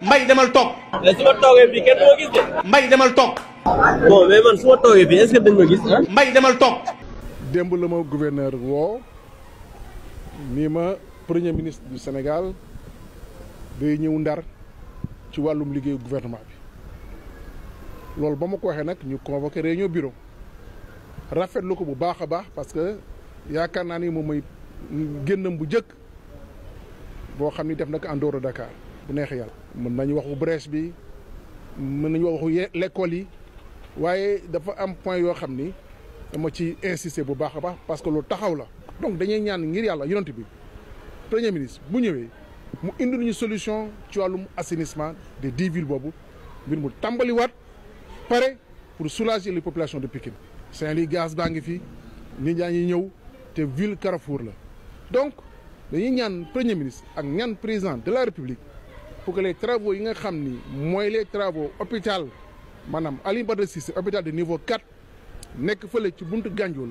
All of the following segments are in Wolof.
mbay demal tok su ma toogee fii kenn du gis de. mbay demal tok bon mais man suma toge bi est-ce que dañ ma gis ah. demal tok démb le ma gouverneur wo ni ma premier ministre du Sénégal day ñëw ndar ci walum liggéeyu gouvernement bi lol bama ko waxe nak ñu convoquer réunion bureau rafet lu ko bu baax baax parce que yaakaar naa ni moom mooy génnam bu njëkk bo xamni def nak andoro Dakar bu neex yalla mën nañu waxu brèche bi mën nañu waxu l'école yi waaye dafa am point yoo xam ni dama ci insister bu baax a baax parce que lu taxaw la donc dañuy ñaan ngir yàlla yonent bi premier ministre bu ñëwee mu indi ñu solution ci wàllum assainissement des dix villes boobu mbir mu tàmbaliwaat pare pour soulager les populations de Pikine Saint-Louis gaz baa ngi fi nit ñaa ngi ñëw te ville Carrefour la donc dañuy ñaan premier ministre ak ñaan président de la république pour que les yi nga xam ni mooy les travaux hôpital maanaam Alioune Badara Cissé hôpital de niveau 4 nekk fële ci buntu Gandiol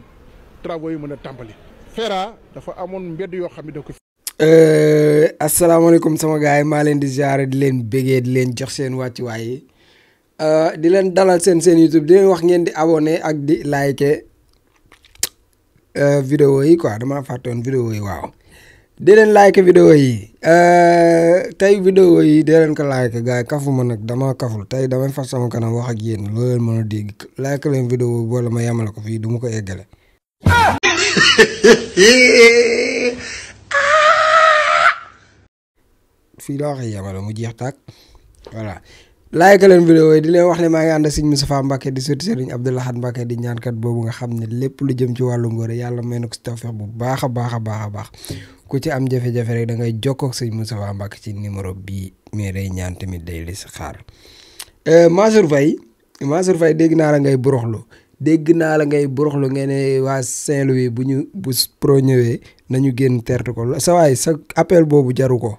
travaux yi mën a tàmbali. Fera dafa amoon mbedd yoo xam ne da ko. Euh, asalaamaaleykum sama gars yi maa leen di ziare di leen bégee di leen jox seen wàccuwaay yi euh, di leen dalal seen seen YouTube di leen wax ngeen di abonné ak di like euh, vidéo yi quoi damaa fàtte woon vidéo yi waaw di leen like vidéo yi. Eh, tay vidéo yi dee leen ko like gaay yi kafu nak dama kaful tay dama fa sama kanam wax ak yeen loolu leen like leen vidéo bo wala ma yamal ko fi du ko eggale fi la wax yamal mu jeex tak voilà like leen vidéo yi di leen wax ne ma nga and sëñ Moustapha Mbacke di sotti sëriñ Abdou Lahad Mbacke di kat bobu nga xam ne lépp lu jëm ci walu ngóore yalla may bu baaxa baaxa baaxa baax ku ci am jafe-jafe rek da ngay jokkoo ak sëñ Moustapha Mbacke ci numéro bii mais day ñaan tamit day li si xaar euh, Mansour Faye Mansour Faye dégg naa la ngay boroxlu dégg naa la ngay boroxlu nga ne waa Saint-Louis bu ñu bu pro ñëwee nañu génn tertu ko sa waay sa appel boobu jaru ko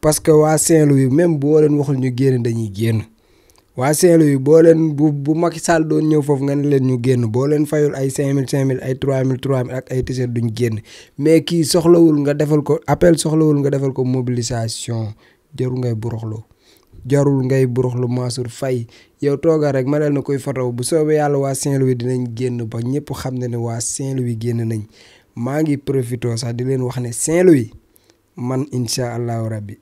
parce que waa Saint-Louis même boo leen waxul ñu génn dañuy génn. waa Saint-Louis boo leen bu bu mag Sall doon ñëw foofu nga ne leen ñu génn boo leen fayul ay 5000 5000 ay 3000 3000 ak ay t-shirt duñ génn mais kii soxlawul nga defal ko appel soxlawul nga defal ko mobilisation jarul ngay buroxlu jarul ngay buroxlu Mansour Faye yow toogal rek mëneel na koy fotow bu soobee yàlla waa Saint-Louis dinañ génn ba ñëpp xam ne ne waa Saint-Louis génn nañ maa ngi profité sax di leen wax ne Saint-Louis man incha allahu rabbi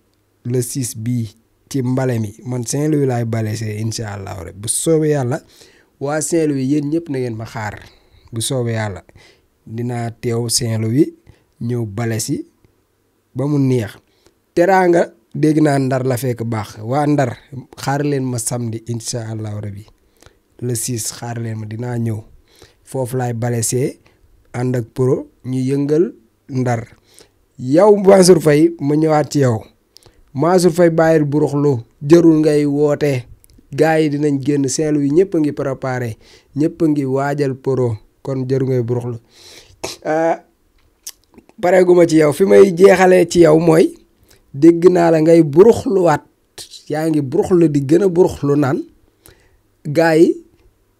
le 6 bii. ci mbale mi man Saint-Louis laay bale see incha allah bu soobee yàlla waa Saint-Louis yéen ñëpp na ma xaar bu soobee yàlla dinaa teew Saint-Louis ñëw bale si ba mu neex teraanga dégg naa ndar la fekk baax waa ndar xaar leen ma samdi incha allahu rabi le 6 xaar leen ma dinaa ñëw foofu laay balesee ànd ak pro ñu yëngal ndar yow Mansour Faye ma ñëwaat ci yow Mansour Faye bàyyil buruxlu jarul ngay wote gaay dinañ genn Saint-Louis ñëpp ngi préparé ñepp ngi wajal poro kon jarul ngay buruxlu ah, pareeguma ci yow fi may jéxalé ci yow moy dégg na la ngay yaa ngi buruxlu di gëna a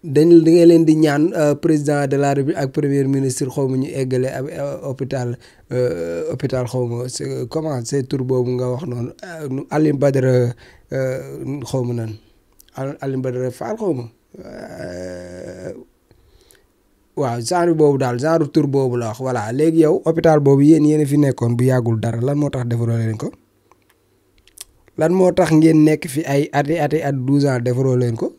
dañ da ngay leen di ñaan euh, président de la république ak premier ministre xaw ma ñu eggale ab euh, hôpital euh, hôpital xaw ma c'est tur boobu nga wax noonu Alioune Badara xaw ma nan Alioune Badara Fall xaw ma waaw genre boobu daal genre tur boobu la wax voilà léegi yow hôpital boobu yéen yéen fi nekkoon bu yàggul dara lan moo tax defaroo leen ko lan moo tax ngeen nekk fi ay ati ati at douze ans defaroo leen ko.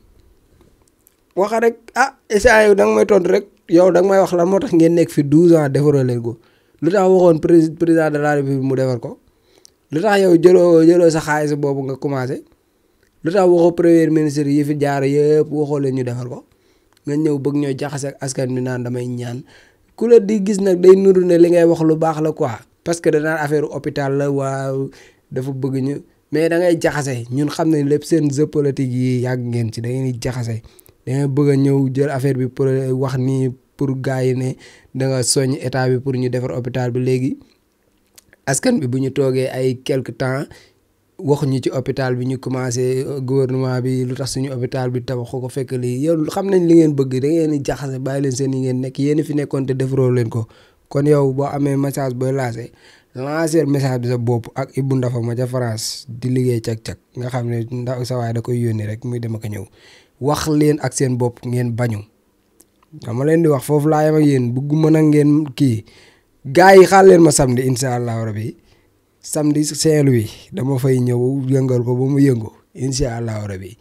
waxa rek ah essai yow dang may tond rek yow dang may wax la motax ngeen nek fi 12 ans defaroo len ko lutax tax president président de la république mu defar ko lutax yow jelo jelo sa xaliss bobu nga commencé lutax waxo premier ministre yi fi jaar yeb waxo len ñu defar ko nga ñew bëgg ñoy jaxase ak askan bi naan damay ñaan ku la di gis nak day nuru ne li ngay wax lu bax la quoi parce que da na affaire hôpital la waaw dafa bëgg ñu mais da ngay jaxase ñun xam lepp seen jeu yi yag ngeen ci da ngay jaxase danga bëgg a ñëw jël affaire bi pour eh, wax nii pour gars yi ne da nga soññ état bi pour ñu defar hôpital bi léegi askan bi bu ñu toogee ay quelque temps waxuñu ci hôpital bi ñu commencé euh, gouvernement bi lu tax suñu hôpital bi tabaxu ko fekk lii yow xam nañ li ngeen bëgg da ngeen di jaxase bàyyi leen seen yi ngeen nekk yéen fi nekkoon te defaroo leen ko kon yow boo amee message booy lancé lancer message bi sa bopp ak Ibou Ndafa ma ca France di liggéey cag-cag nga xam ne ndax sa da koy yónni rek muy dem ak a ñëw wax leen ak seen bopp ngeen bañu dama leen di wax foofu laa yem ak yéen bëgguma nag ngeen kii gars yi xaar leen ma samedi incha allahu rabi samedi saint wi dama fay ñëw yëngal ko ba mu yëngu incha allahu rabi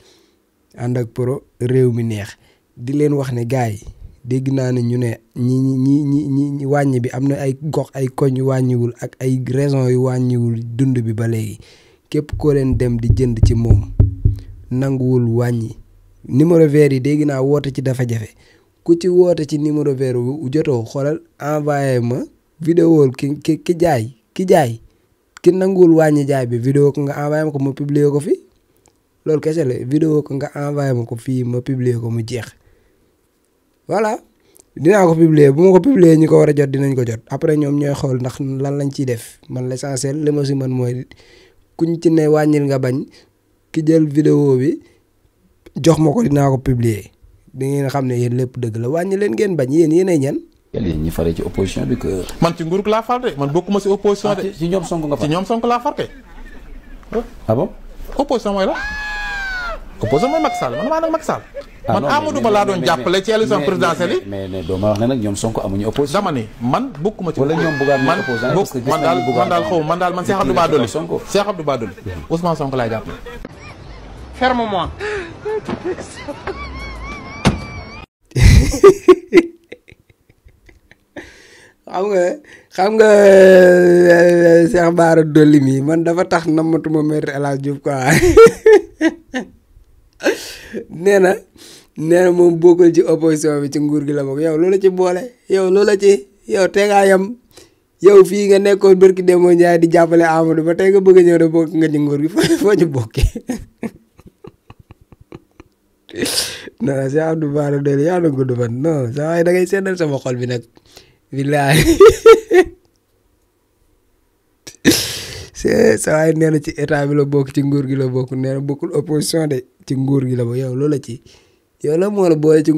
ànd ak poro réew mi neex di leen wax ne gars yi dégg naa ne ñu ne ñi ñi ñi ñi wàññi bi am na ay gox ay koñ wàññiwul ak ay raison yu wàññiwul dund bi ba léegi képp koo leen dem di jënd ci moom nanguwul wàññi. numéro vert yi dégg naa woote ci dafa jafe ku ci woote ci numéro vert wu jotoo xoolal envoyé ma vidéo ki ki ki jaay ki jaay ki nanguwul wàññi jaay bi vidéo ko nga envoyé ma ko ma publier ko fi loolu kese la ko nga envoyé ma ko fii ma publier ko mu jeex voilà dinaa ko publier bu ma ko publier ñi ko war a jot dinañ ko jot après ñoom ñooy xool ndax lan lañ ciy def man l'essentiel li ma si man mooy kuñ ci ne wàññil nga bañ ki jël vidéo bi jox ma ko dinaa ko publier di ngeen xam ne yéen lépp dëgg la wàññi leen ngeen bañ yéen yéenay ñan. yéen ñi faré ci opposition bi que. man ci nguruk laa far de man bokkuma ci opposition de. Ah, ci ñoom Sonko nga far ci ñoom Sonko laa far de. ah bon. opposition mooy la. opposition mooy Macky man maa nag Macky Sall. Ah man Amadou Ba laa doon jàppale ci élection présidentielle yi. mais mais doo ma wax ne nag ñoom Sonko amuñu opposition. dama ne man bokkuma ci. wala ñoom bugaan nañu opposition man daal man daal xaw man daal man Cheikh Abdou Bara Dolly Cheikh Abdou Bara Ousmane Sonko laay jàppale. ferme moi xam nga xam nga Cheikh mi man dafa tax namatuma maître El Hadj Diouf quoi nee na moom bokkul ci opposition bi ci nguur gi la bokk yow loola ci boole yow loola ci yow te yam yow fii nga nekkoon barki di jàppale Amadou ba tey nga bëgg ñëw de bokk nga ci nguur gi bokkee. na siya ang dubaro dari yan ang guduman no sa akin na guys yan sa bakal binag bilay sa akin na ci état bi la bok ci nguur gi la bokk nee na bokkul opposition de ci nguur gi la bokk yow loola ci yow la moo la boole ci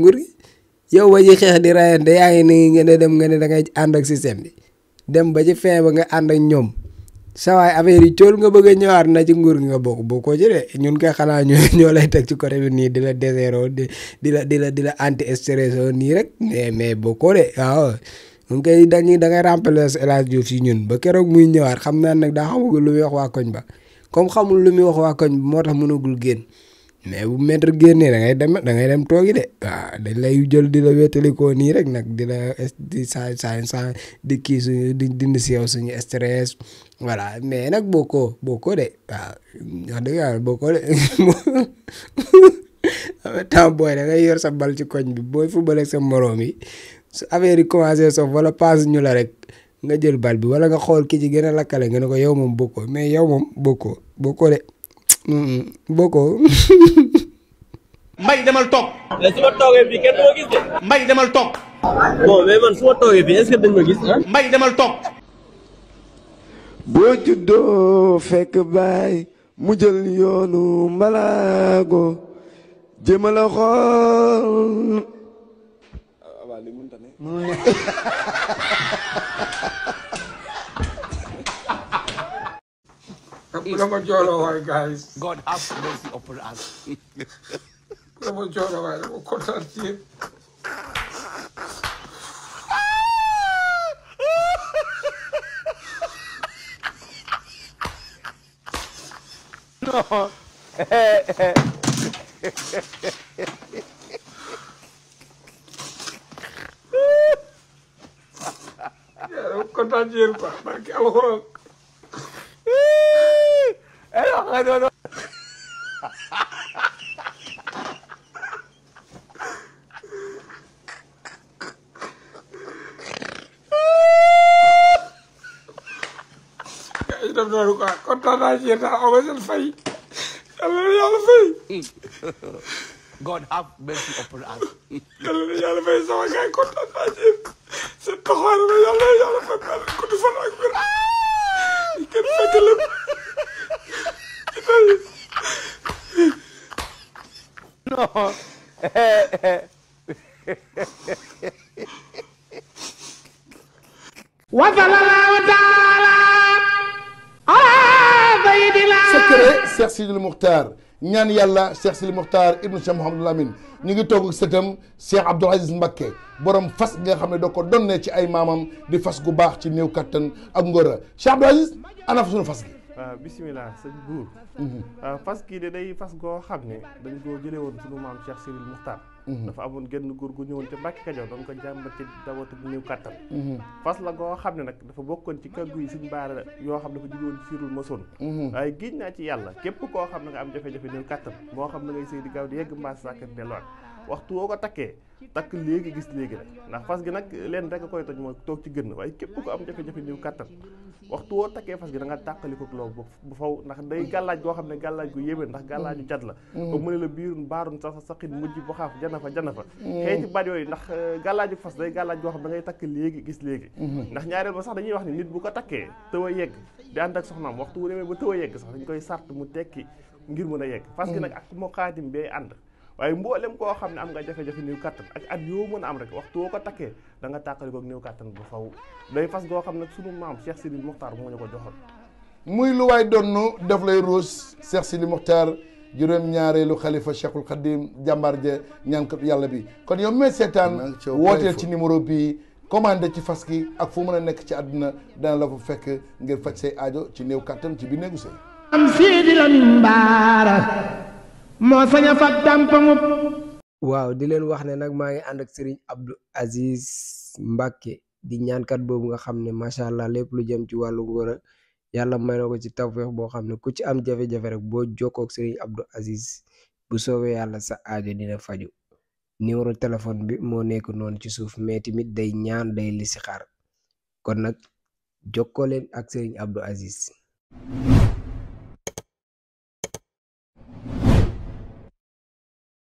yow di rayante yaa ngi ni ngeen dem nga ne da ngay ànd ak système bi dem ba ci fin ba nga ak sawaay affaire yi cool nga bëgg a ñëwaat na ci nguur gi nga bokk bokkoo ci ñun koy xanaa ñu ñoo lay teg nii di la désero di di la di la di la anti stresso nii rek mais mais bokkoo de waaw mu ngi koy dañuy da ngay remplacer El Hadj si ñun ba keroog muy ñëwaat xam naa nag daa xamagul lu muy wax koñ ba comme xamul lu muy wax waa koñ bi moo tax mënagul génn mais bu maître génnee da ngay dem da ngay dem toogi de waaw dañ lay jël di la wétalikoo nii rek nag di la di saa saa di kii di dindi si yow suñu stress voilà mais nag bokkoo bokkoo de waaw wax dëgg yàlla bokkoo de temps ngay yor sa bal ci koñ bi booy football ak sa moroom yi su affaire yi commencé sof wala passe ñu la rek nga jël bal bi wala nga xool ki ci gën a lakkale nga ne ko yow moom bokkoo mais yow moom bokkoo bokkoo de. Mm, bokkoo. Mbaye demal toog. Eh, mais su demal toog. bon mais ah? demal toog. boo juddoo fekk baay mu jël yoonu mbalaago jéem ah, a naman John Hawaii, guys. God have mercy upon us. naman John Hawaii. Naman Konstantin. No. Konstantin, Pak. Bagi Allah. 哎呦，哎呦，def noonu quoi kontaan naa ci yéen daal aw ma seen fay yàlla na yàlla fay. God have mercy upon us. yàlla na yàlla fay sama gars yi kontaan naa ci yéen seen taxawaay la yàlla na yàlla fay ko du fan ak wér. kenn fekk lépp. No. Eh, eh. Cheikh Sidil Muxtaar ñaan yàlla Cheikh Sidil Muxtaar ibnu Cheikh Mouhamadul Amin ñu ngi toog sëtam Cheikh Abdoul Aziz Mbacké borom fas nga xam ne da ko donnee ci ay maamam di fas gu baax ci néew kattan ak ngóora Cheikh Abdoul Aziz ana fa sunu fas gi Euh, bisimilah sëñ buur mhm. euh, fas kii de day fas goo xam ne dañ koo jëlee woon ci sunu maam Cheikh Cyril Muxtaar mhm. dafa amoon genn góor gu ñëwoon te Mbàkke Kajoor doon ko jàmbat ci dawatu bu kàttan mhm. fas la goo xam ne nag dafa bokkoon ci kàggu yi suñ baara yoo xam dafa jóge woon Cyril Mason waaye géej naa ci yàlla képp koo xam ne nga am jafe-jafe néew kàttan moo xam ne ngay sëy di gaaw di yegg mbaas sàkkat delluwaat waxtu woo ko takkee takk léegi gis léegi rek ndax fas gi nag leen rek a koy toj moo toog ci gën waaye képp ko am jafe-jafe niw kattan waxtu woo takkee fas gi da nga tàqaliko loolu bu faw ndax day gàllaaj goo xam ne gàllaaj gu yéeme ndax gàllaaju jat la ba mu ne la biirun baarun sasa saqin mujj bu xaaf jana fa jana fa xeeti baat yooyu ndax euh, gàllaaju fas day gàllaaj goo xam da ngay takk léegi gis léegi ndax ñaareel ba sax dañuy wax ne nit bu ko takkee tëw a yegg di ànd ak soxnaam waxtu wu demee ba tëw a yegg sax dañ koy sart mu tekki ngir mën a yegg fas gi nag ak moo xaatim bee ànd waaye mboolem koo xam ne am nga jafe-jafe néew kattan ak at yoo mën a am rek waxtu woo ko takkee danga da nga tàqalikook néew kattan ba faw day fas goo xam ne sunu maam Cheikh Sidi Mokhtar moo ñu ko joxoon muy lu waay donnu daf lay ruus Cheikh Sidi Mokhtar juróom xalifa Cheikhul Khadim jàmbaar ja ñaankat yàlla bi kon yow mee seetaan wooteel ci numéro bii commandé ci fas gi ak fu mën a nekk ci àdduna dana la fa fekk ngir faj say aajo ci néew kattan ci bi néegu sëy am siidi la min baara moo sañ a fat waaw di leen wax ne nag maa ngi ànd ak sëriñ Abdou Aziz Mbacke di ñaankat boobu nga xam ne macha allah lépp lu jëm ci wàllu ngóor yàlla may ko ci tawféex boo xam ne ku ci am jafe-jafe rek boo jokkoo ak sëriñ Abdou Aziz bu soowee yàlla sa aajo dina faju numéro téléphone bi moo nekk noonu ci suuf mais mit day ñaan day listixaar kon nag jokkoo leen ak sëriñ Abdou Aziz.